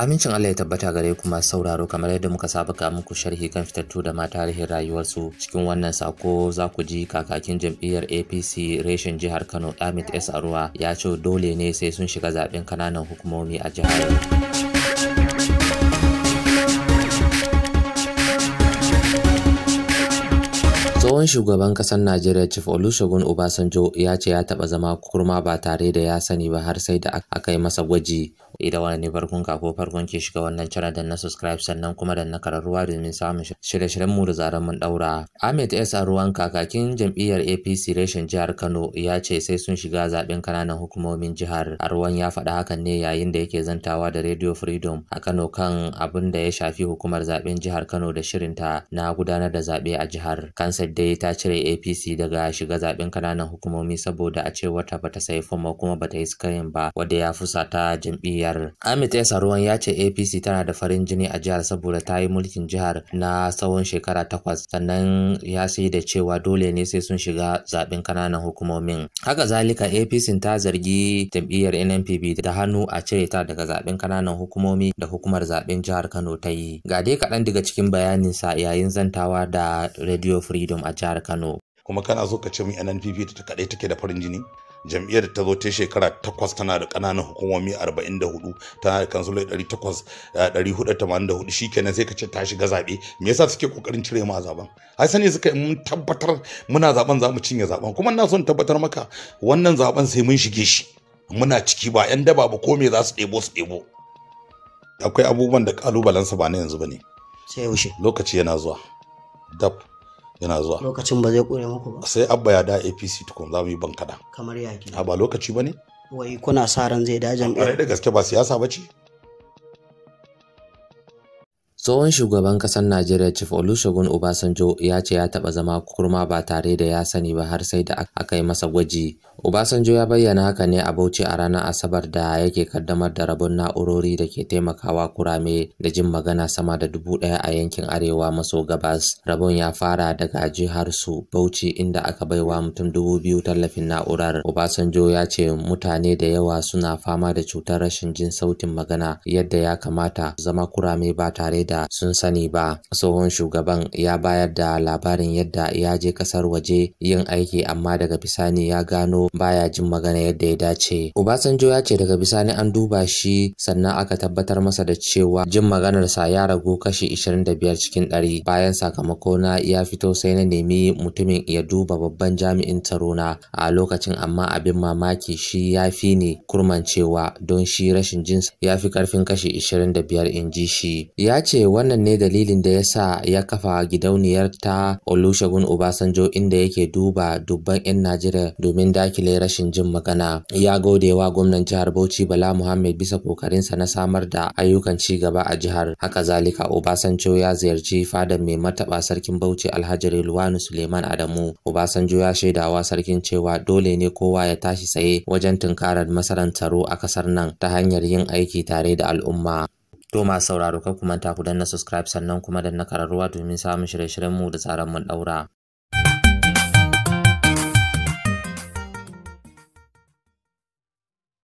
Amincin Allah ya tabbata gare kuma sauraro kamar yadda muka saba ka muku sharhi kan fitattu da ma tarihin rayuwarsu cikin wannan sako za ku ji kakakin jam'iyyar APC reshen jihar Kano Amit S aruwa ya ce dole ne sai sun shiga zaben kananan hukumomi a jihar. Tsohon shugaban kasar Najeriya Chief Olusegun Obasanjo ya ce ya taba zama kurma ba tare da ya sani ba har sai da aka yi masa gwaji idan wani ne farkon ka ko farkon ke shiga wannan channel dan na subscribe sannan kuma da na kararruwa domin samun shirye-shiryen mu da zaran mun daura Ahmed S Ruwan kakakin jam'iyyar APC reshen jihar Kano ya ce sai sun shiga zaben kananan hukumomin jihar Arwan ya faɗa hakan ne yayin da yake zantawa da Radio Freedom a Kano kan abin da ya shafi hukumar zaben jihar Kano da shirinta na gudanar da zaɓe a jihar Kansar dai ta cire APC daga shiga zaben kananan hukumomi saboda a ce wata bata sayi kuma bata yi skayin ba wanda ya fusata jam'iyyar jihar amit s ruwan ya ce apc tana da farin jini a jihar saboda ta yi mulkin jihar na tsawon shekara takwas sannan ya sai da cewa dole ne sai sun shiga zaben kananan hukumomin haka zalika apc ta zargi jam'iyyar nnpp da hannu a cire ta daga zaben kananan hukumomi da hukumar zaɓen jihar kano ta yi ga dai kaɗan daga cikin bayanin sa yayin zantawa da radio freedom a jihar kano kuma kana so ka ce mu NNPP ta kaɗai take da farin jini jam'iyyar ta zo ta shekara takwas tana da ƙananan hukumomi 44 tana da kansulai 484 eh, shikenan sai ka ce ta shiga zaɓe me yasa suke kokarin cire mu a zaben ai sani suka yi mun tabbatar muna zaben za mu cinye zaben kuma ina son tabbatar maka wannan zaben sai mun shige shi muna ciki ba yan daba ba ko me za su ɗebo su ɗebo akwai abubuwan da ƙalubalensa ba na yanzu ba ne sai yaushe lokaci yana zuwa dab yana zuwa lokacin ba zai kure muku ba sai abba ya da apc tukun za mu yi bankada kamar yaki ba lokaci ba ne wai kuna sa ran zai da jam'iyyar da gaske ba siyasa ba ce Tsohon shugaban ƙasar Najeriya Chief Olusegun Obasanjo ya ce ya taɓa zama kurma ba tare da ya sani ba har sai da aka yi masa gwaji. Obasanjo ya bayyana haka ne a Bauchi a ranar Asabar da yake kaddamar da rabon na'urori da ke taimakawa kurame da jin magana sama da dubu ɗaya a yankin Arewa maso gabas. Rabon ya fara daga jihar su Bauchi inda aka baiwa mutum dubu biyu tallafin na'urar. Obasanjo ya ce mutane da yawa suna fama da cutar rashin jin sautin magana yadda ya kamata zama kurame ba tare da sun sani ba tsohon shugaban ya bayar da labarin yadda ya je kasar waje yin aiki amma daga bisani ya gano baya jin magana yadda ya dace obasanjo ya ce daga bisani an duba shi sannan aka tabbatar masa da cewa jin maganarsa ya ragu kashi 25 cikin 100 bayan sakamako na ya fito sai na nemi mutumin ya duba babban jami'in tsaro na a lokacin amma abin mamaki shi ya fi ne kurmancewa don shi rashin jinsa ya fi karfin kashi 25 in ji shi ya ce ce wannan ne dalilin da ya sa ya kafa gidauniyar ta Olusegun Obasanjo inda yake duba dubban 'yan Najeriya domin dakile rashin jin magana. Ya gode wa gwamnan jihar Bauchi Bala Muhammad bisa kokarinsa na samar da ayyukan ci gaba a jihar. Haka zalika Obasanjo ya ziyarci fadar mai mataba sarkin Bauchi Alhaji Rilwanu Suleiman Adamu. Obasanjo ya shaidawa sarkin cewa dole ne kowa ya tashi tsaye wajen tunkarar masaran tsaro a kasar nan ta hanyar yin aiki tare da al'umma. To masu sauraro kan ku manta ku na subscribe sannan kuma na kararruwa domin samun shirye-shiryenmu da tsaron mun daura.